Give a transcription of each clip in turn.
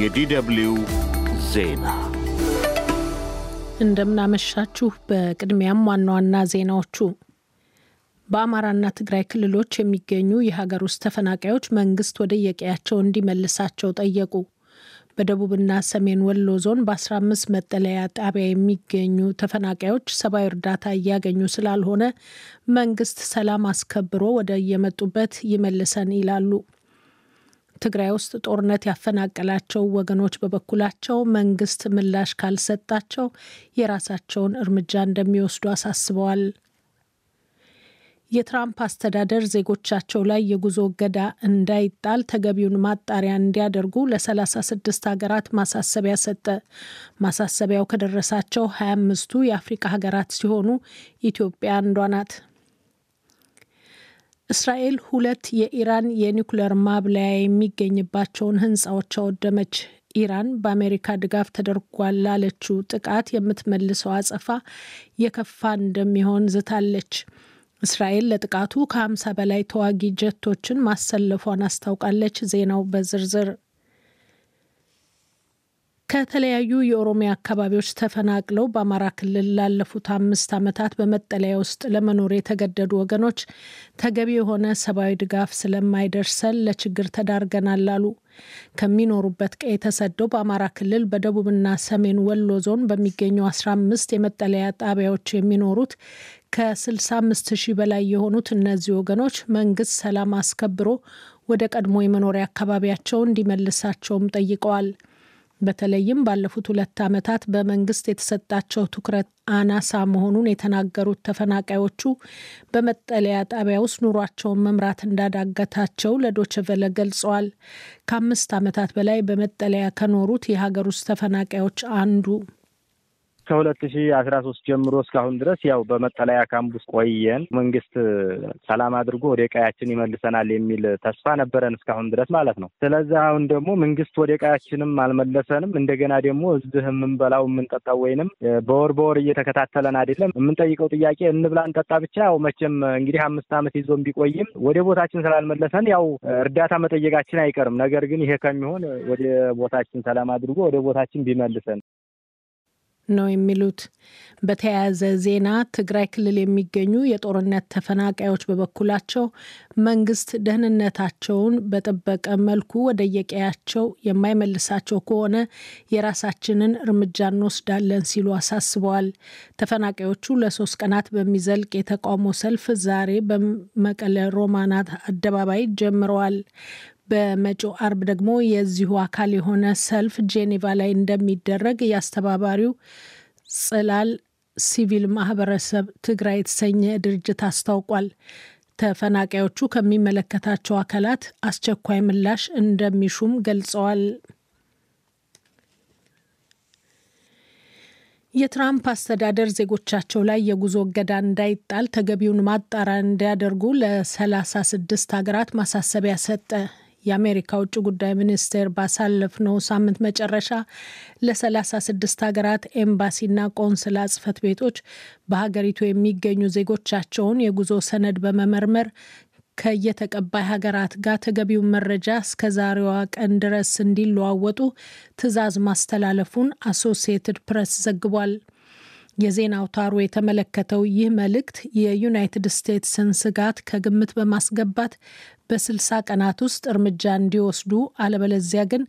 የዲደብሊው ዜና እንደምናመሻችሁ። በቅድሚያም ዋና ዋና ዜናዎቹ በአማራና ትግራይ ክልሎች የሚገኙ የሀገር ውስጥ ተፈናቃዮች መንግስት ወደ የቀያቸው እንዲመልሳቸው ጠየቁ። በደቡብና ሰሜን ወሎ ዞን በ15 መጠለያ ጣቢያ የሚገኙ ተፈናቃዮች ሰብአዊ እርዳታ እያገኙ ስላልሆነ መንግስት ሰላም አስከብሮ ወደ የመጡበት ይመልሰን ይላሉ። ትግራይ ውስጥ ጦርነት ያፈናቀላቸው ወገኖች በበኩላቸው መንግስት ምላሽ ካልሰጣቸው የራሳቸውን እርምጃ እንደሚወስዱ አሳስበዋል። የትራምፕ አስተዳደር ዜጎቻቸው ላይ የጉዞ እገዳ እንዳይጣል ተገቢውን ማጣሪያ እንዲያደርጉ ለ36 ሀገራት ማሳሰቢያ ሰጠ። ማሳሰቢያው ከደረሳቸው 25ቱ የአፍሪካ ሀገራት ሲሆኑ ኢትዮጵያ አንዷ ናት። እስራኤል ሁለት የኢራን የኒውክሌር ማብለያ የሚገኝባቸውን ህንፃዎች አወደመች። ኢራን በአሜሪካ ድጋፍ ተደርጓል ላለችው ጥቃት የምትመልሰው አጸፋ የከፋ እንደሚሆን ዝታለች። እስራኤል ለጥቃቱ ከ50 በላይ ተዋጊ ጀቶችን ማሰለፏን አስታውቃለች። ዜናው በዝርዝር ከተለያዩ የኦሮሚያ አካባቢዎች ተፈናቅለው በአማራ ክልል ላለፉት አምስት ዓመታት በመጠለያ ውስጥ ለመኖር የተገደዱ ወገኖች ተገቢ የሆነ ሰብአዊ ድጋፍ ስለማይደርሰን ለችግር ተዳርገናል አሉ። ከሚኖሩበት ቀዬ ተሰደው በአማራ ክልል በደቡብና ሰሜን ወሎ ዞን በሚገኙ 15 የመጠለያ ጣቢያዎች የሚኖሩት ከ65 ሺህ በላይ የሆኑት እነዚህ ወገኖች መንግስት ሰላም አስከብሮ ወደ ቀድሞ የመኖሪያ አካባቢያቸው እንዲመልሳቸውም ጠይቀዋል። በተለይም ባለፉት ሁለት ዓመታት በመንግስት የተሰጣቸው ትኩረት አናሳ መሆኑን የተናገሩት ተፈናቃዮቹ በመጠለያ ጣቢያ ውስጥ ኑሯቸውን መምራት እንዳዳገታቸው ለዶችቨለ ገልጸዋል። ከአምስት ዓመታት በላይ በመጠለያ ከኖሩት የሀገር ውስጥ ተፈናቃዮች አንዱ ከሁለት ሺ አስራ ሶስት ጀምሮ እስካሁን ድረስ ያው በመጠለያ ካምፕ ውስጥ ቆየን። መንግስት ሰላም አድርጎ ወደ ቀያችን ይመልሰናል የሚል ተስፋ ነበረን እስካሁን ድረስ ማለት ነው። ስለዚህ አሁን ደግሞ መንግስት ወደ ቀያችንም አልመለሰንም። እንደገና ደግሞ እዚህ የምንበላው የምንጠጣው ወይንም በወር በወር እየተከታተለን አይደለም። የምንጠይቀው ጥያቄ እንብላ እንጠጣ ብቻ። ያው መቼም እንግዲህ አምስት ዓመት ይዞን ቢቆይም ወደ ቦታችን ስላልመለሰን ያው እርዳታ መጠየቃችን አይቀርም። ነገር ግን ይሄ ከሚሆን ወደ ቦታችን ሰላም አድርጎ ወደ ቦታችን ቢመልሰን ነው የሚሉት። በተያያዘ ዜና ትግራይ ክልል የሚገኙ የጦርነት ተፈናቃዮች በበኩላቸው መንግስት ደህንነታቸውን በጠበቀ መልኩ ወደየቀያቸው የማይመልሳቸው ከሆነ የራሳችንን እርምጃ እንወስዳለን ሲሉ አሳስበዋል። ተፈናቃዮቹ ለሶስት ቀናት በሚዘልቅ የተቃውሞ ሰልፍ ዛሬ በመቀለ ሮማናት አደባባይ ጀምረዋል። በመጪው አርብ ደግሞ የዚሁ አካል የሆነ ሰልፍ ጄኔቫ ላይ እንደሚደረግ የአስተባባሪው ጽላል ሲቪል ማህበረሰብ ትግራይ የተሰኘ ድርጅት አስታውቋል። ተፈናቃዮቹ ከሚመለከታቸው አካላት አስቸኳይ ምላሽ እንደሚሹም ገልጸዋል። የትራምፕ አስተዳደር ዜጎቻቸው ላይ የጉዞ እገዳ እንዳይጣል ተገቢውን ማጣሪያ እንዲያደርጉ ለሰላሳ ስድስት ሀገራት ማሳሰቢያ ሰጠ። የአሜሪካ ውጭ ጉዳይ ሚኒስቴር ባሳለፍነው ሳምንት መጨረሻ ለ36 ሀገራት ኤምባሲና ቆንስላ ጽፈት ቤቶች በሀገሪቱ የሚገኙ ዜጎቻቸውን የጉዞ ሰነድ በመመርመር ከየተቀባይ ሀገራት ጋር ተገቢውን መረጃ እስከ ዛሬዋ ቀን ድረስ እንዲለዋወጡ ትዕዛዝ ማስተላለፉን አሶሲየትድ ፕሬስ ዘግቧል። የዜና አውታሩ የተመለከተው ይህ መልእክት የዩናይትድ ስቴትስን ስጋት ከግምት በማስገባት በስልሳ ቀናት ውስጥ እርምጃ እንዲወስዱ አለበለዚያ ግን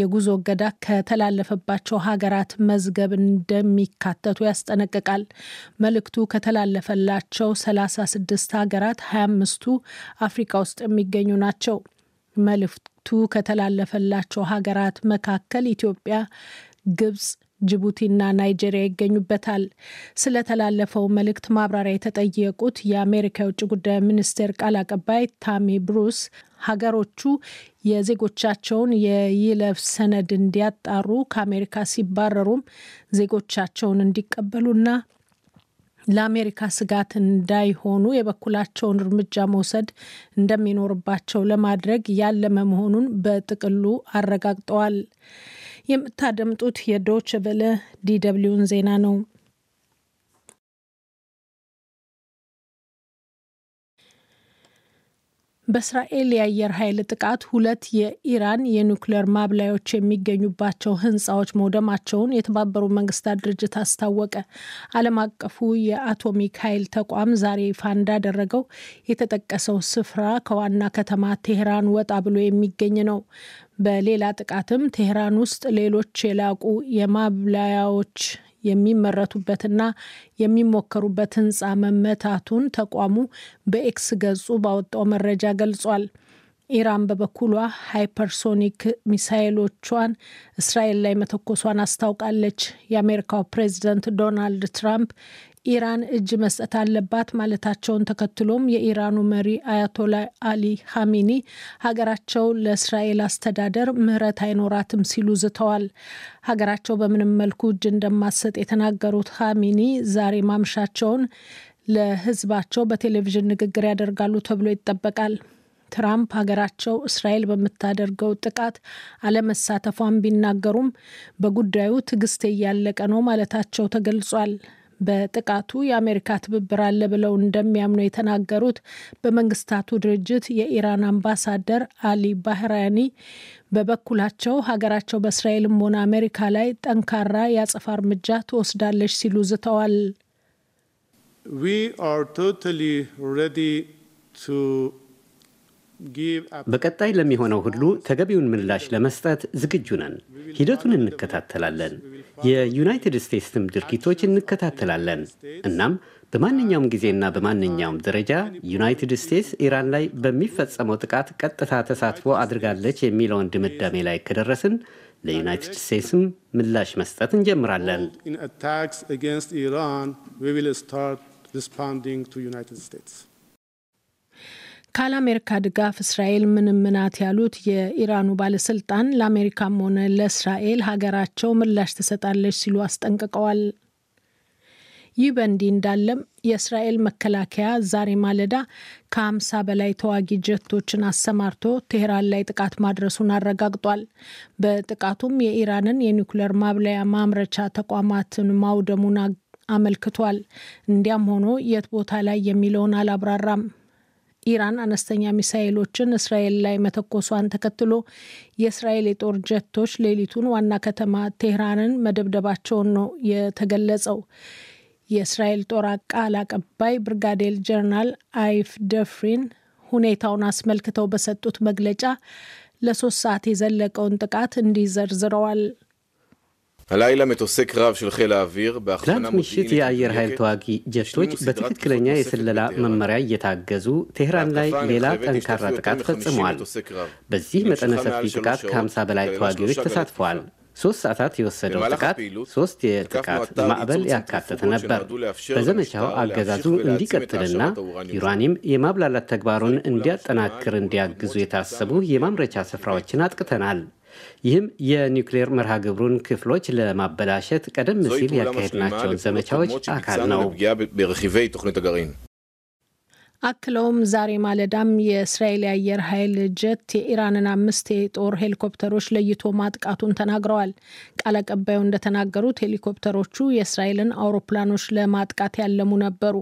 የጉዞ እገዳ ከተላለፈባቸው ሀገራት መዝገብ እንደሚካተቱ ያስጠነቅቃል። መልእክቱ ከተላለፈላቸው 36 ሀገራት 25ቱ አፍሪካ ውስጥ የሚገኙ ናቸው። መልእክቱ ከተላለፈላቸው ሀገራት መካከል ኢትዮጵያ፣ ግብጽ ጅቡቲና ናይጄሪያ ይገኙበታል። ስለተላለፈው መልእክት ማብራሪያ የተጠየቁት የአሜሪካ የውጭ ጉዳይ ሚኒስቴር ቃል አቀባይ ታሚ ብሩስ ሀገሮቹ የዜጎቻቸውን የይለፍ ሰነድ እንዲያጣሩ ከአሜሪካ ሲባረሩም ዜጎቻቸውን እንዲቀበሉና ለአሜሪካ ስጋት እንዳይሆኑ የበኩላቸውን እርምጃ መውሰድ እንደሚኖርባቸው ለማድረግ ያለመ መሆኑን በጥቅሉ አረጋግጠዋል። የምታደምጡት የዶች በለ ዲደብሊውን ዜና ነው። በእስራኤል የአየር ኃይል ጥቃት ሁለት የኢራን የኒክሌር ማብላዮች የሚገኙባቸው ህንፃዎች መውደማቸውን የተባበሩ መንግስታት ድርጅት አስታወቀ። ዓለም አቀፉ የአቶሚክ ኃይል ተቋም ዛሬ ይፋ እንዳደረገው የተጠቀሰው ስፍራ ከዋና ከተማ ቴህራን ወጣ ብሎ የሚገኝ ነው። በሌላ ጥቃትም ቴህራን ውስጥ ሌሎች የላቁ የማብላያዎች የሚመረቱበትና የሚሞከሩበት ህንፃ መመታቱን ተቋሙ በኤክስ ገጹ ባወጣው መረጃ ገልጿል። ኢራን በበኩሏ ሃይፐርሶኒክ ሚሳይሎቿን እስራኤል ላይ መተኮሷን አስታውቃለች። የአሜሪካው ፕሬዚደንት ዶናልድ ትራምፕ ኢራን እጅ መስጠት አለባት ማለታቸውን ተከትሎም የኢራኑ መሪ አያቶላ አሊ ሐሚኒ ሀገራቸው ለእስራኤል አስተዳደር ምህረት አይኖራትም ሲሉ ዝተዋል። ሀገራቸው በምንም መልኩ እጅ እንደማትሰጥ የተናገሩት ሐሚኒ ዛሬ ማምሻቸውን ለህዝባቸው በቴሌቪዥን ንግግር ያደርጋሉ ተብሎ ይጠበቃል። ትራምፕ ሀገራቸው እስራኤል በምታደርገው ጥቃት አለመሳተፏን ቢናገሩም በጉዳዩ ትዕግስቴ እያለቀ ነው ማለታቸው ተገልጿል። በጥቃቱ የአሜሪካ ትብብር አለ ብለው እንደሚያምኑ የተናገሩት በመንግስታቱ ድርጅት የኢራን አምባሳደር አሊ ባህራኒ በበኩላቸው ሀገራቸው በእስራኤልም ሆነ አሜሪካ ላይ ጠንካራ የአጸፋ እርምጃ ትወስዳለች ሲሉ ዝተዋል። በቀጣይ ለሚሆነው ሁሉ ተገቢውን ምላሽ ለመስጠት ዝግጁ ነን። ሂደቱን እንከታተላለን። የዩናይትድ ስቴትስም ድርጊቶች እንከታተላለን። እናም በማንኛውም ጊዜና በማንኛውም ደረጃ ዩናይትድ ስቴትስ ኢራን ላይ በሚፈጸመው ጥቃት ቀጥታ ተሳትፎ አድርጋለች የሚለውን ድምዳሜ ላይ ከደረስን ለዩናይትድ ስቴትስም ምላሽ መስጠት እንጀምራለን። ካለ አሜሪካ ድጋፍ እስራኤል ምንም ናት ያሉት የኢራኑ ባለስልጣን ለአሜሪካም ሆነ ለእስራኤል ሀገራቸው ምላሽ ትሰጣለች ሲሉ አስጠንቅቀዋል። ይህ በእንዲህ እንዳለም የእስራኤል መከላከያ ዛሬ ማለዳ ከ በላይ ተዋጊ ጀቶችን አሰማርቶ ቴህራን ላይ ጥቃት ማድረሱን አረጋግጧል። በጥቃቱም የኢራንን የኒውክለር ማብለያ ማምረቻ ተቋማትን ማውደሙን አመልክቷል። እንዲያም ሆኖ የት ቦታ ላይ የሚለውን አላብራራም። ኢራን አነስተኛ ሚሳይሎችን እስራኤል ላይ መተኮሷን ተከትሎ የእስራኤል የጦር ጀቶች ሌሊቱን ዋና ከተማ ቴህራንን መደብደባቸውን ነው የተገለጸው። የእስራኤል ጦር ቃል አቀባይ ብርጋዴር ጀነራል አይፍ ደፍሪን ሁኔታውን አስመልክተው በሰጡት መግለጫ ለሶስት ሰዓት የዘለቀውን ጥቃት እንዲህ ዘርዝረዋል። הלילה מטוסי קרב של חיל האוויר ትላንት ምሽት የአየር ኃይል ተዋጊ ጀቶች በትክክለኛ የስለላ መመሪያ እየታገዙ ቴህራን ላይ ሌላ ጠንካራ ጥቃት ፈጽመዋል። በዚህ መጠነ ሰፊ ጥቃት ከ50 በላይ ተዋጊዎች ተሳትፈዋል። ሶስት ሰዓታት የወሰደው ጥቃት ሶስት የጥቃት ማዕበል ያካተተ ነበር። በዘመቻው አገዛዙ እንዲቀጥልና ዩራኒየም የማብላላት ተግባሩን እንዲያጠናክር እንዲያግዙ የታሰቡ የማምረቻ ስፍራዎችን አጥቅተናል። ይህም የኒውክሌር መርሃ ግብሩን ክፍሎች ለማበላሸት ቀደም ሲል ያካሄድናቸውን ዘመቻዎች አካል ነው። አክለውም ዛሬ ማለዳም የእስራኤል የአየር ኃይል ጀት የኢራንን አምስት የጦር ሄሊኮፕተሮች ለይቶ ማጥቃቱን ተናግረዋል። ቃል አቀባዩ እንደተናገሩት ሄሊኮፕተሮቹ የእስራኤልን አውሮፕላኖች ለማጥቃት ያለሙ ነበሩ።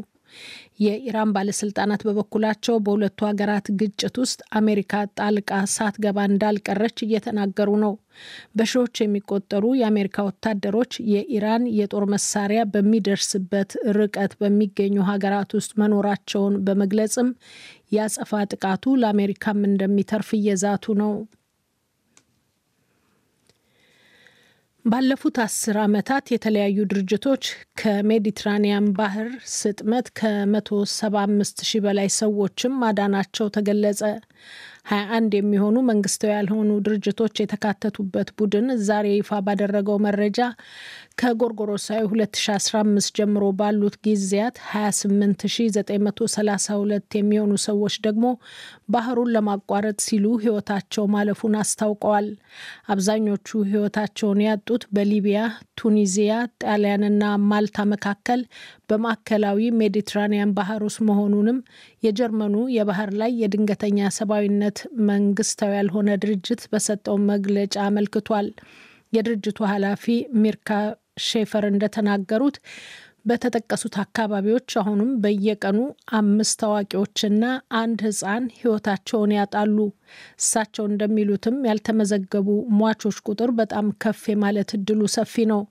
የኢራን ባለስልጣናት በበኩላቸው በሁለቱ ሀገራት ግጭት ውስጥ አሜሪካ ጣልቃ ሳትገባ እንዳልቀረች እየተናገሩ ነው። በሺዎች የሚቆጠሩ የአሜሪካ ወታደሮች የኢራን የጦር መሳሪያ በሚደርስበት ርቀት በሚገኙ ሀገራት ውስጥ መኖራቸውን በመግለጽም ያጸፋ ጥቃቱ ለአሜሪካም እንደሚተርፍ እየዛቱ ነው። ባለፉት አስር ዓመታት የተለያዩ ድርጅቶች ከሜዲትራኒያን ባህር ስጥመት ከ175 ሺህ በላይ ሰዎችም ማዳናቸው ተገለጸ። 21 የሚሆኑ መንግስታዊ ያልሆኑ ድርጅቶች የተካተቱበት ቡድን ዛሬ ይፋ ባደረገው መረጃ ከጎርጎሮሳዊ 2015 ጀምሮ ባሉት ጊዜያት 28932 የሚሆኑ ሰዎች ደግሞ ባህሩን ለማቋረጥ ሲሉ ህይወታቸው ማለፉን አስታውቀዋል። አብዛኞቹ ህይወታቸውን ያጡት በሊቢያ፣ ቱኒዚያ፣ ጣሊያንና ማልታ መካከል በማዕከላዊ ሜዲትራኒያን ባህር ውስጥ መሆኑንም የጀርመኑ የባህር ላይ የድንገተኛ ሰብአዊነት መንግስታዊ ያልሆነ ድርጅት በሰጠው መግለጫ አመልክቷል። የድርጅቱ ኃላፊ ሚርካ ሼፈር እንደተናገሩት በተጠቀሱት አካባቢዎች አሁንም በየቀኑ አምስት ታዋቂዎችና አንድ ህፃን ህይወታቸውን ያጣሉ። እሳቸው እንደሚሉትም ያልተመዘገቡ ሟቾች ቁጥር በጣም ከፍ የማለት እድሉ ሰፊ ነው።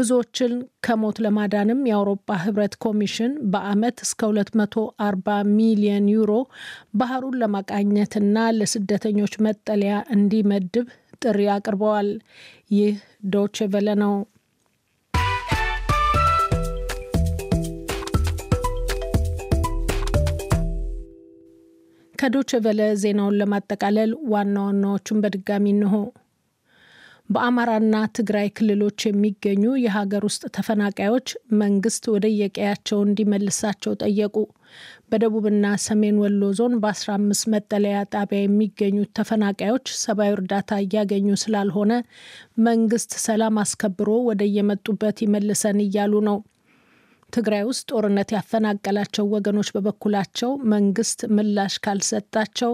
ብዙዎችን ከሞት ለማዳንም የአውሮፓ ህብረት ኮሚሽን በአመት እስከ 240 ሚሊዮን ዩሮ ባህሩን ለማቃኘትና ለስደተኞች መጠለያ እንዲመድብ ጥሪ አቅርበዋል። ይህ ዶችቨለ ነው። ከዶች ቨለ ዜናውን ለማጠቃለል ዋና ዋናዎቹን በድጋሚ እንሆ። በአማራና ትግራይ ክልሎች የሚገኙ የሀገር ውስጥ ተፈናቃዮች መንግስት ወደ የቀያቸው እንዲመልሳቸው ጠየቁ። በደቡብና ሰሜን ወሎ ዞን በ15 መጠለያ ጣቢያ የሚገኙት ተፈናቃዮች ሰብአዊ እርዳታ እያገኙ ስላልሆነ መንግስት ሰላም አስከብሮ ወደ የመጡበት ይመልሰን እያሉ ነው። ትግራይ ውስጥ ጦርነት ያፈናቀላቸው ወገኖች በበኩላቸው መንግስት ምላሽ ካልሰጣቸው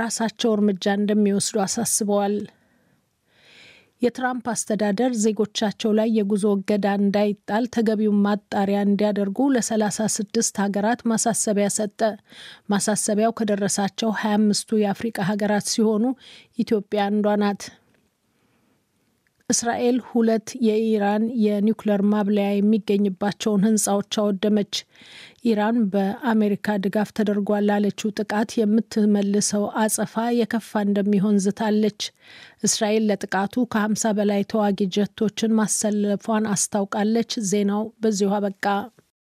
ራሳቸው እርምጃ እንደሚወስዱ አሳስበዋል። የትራምፕ አስተዳደር ዜጎቻቸው ላይ የጉዞ እገዳ እንዳይጣል ተገቢውን ማጣሪያ እንዲያደርጉ ለ36 ሀገራት ማሳሰቢያ ሰጠ። ማሳሰቢያው ከደረሳቸው 25ቱ የአፍሪቃ ሀገራት ሲሆኑ ኢትዮጵያ አንዷ ናት። እስራኤል ሁለት የኢራን የኒውክለር ማብለያ የሚገኝባቸውን ህንፃዎች አወደመች። ኢራን በአሜሪካ ድጋፍ ተደርጓል ላለችው ጥቃት የምትመልሰው አጸፋ የከፋ እንደሚሆን ዝታለች። እስራኤል ለጥቃቱ ከ50 በላይ ተዋጊ ጀቶችን ማሰለፏን አስታውቃለች። ዜናው በዚሁ አበቃ።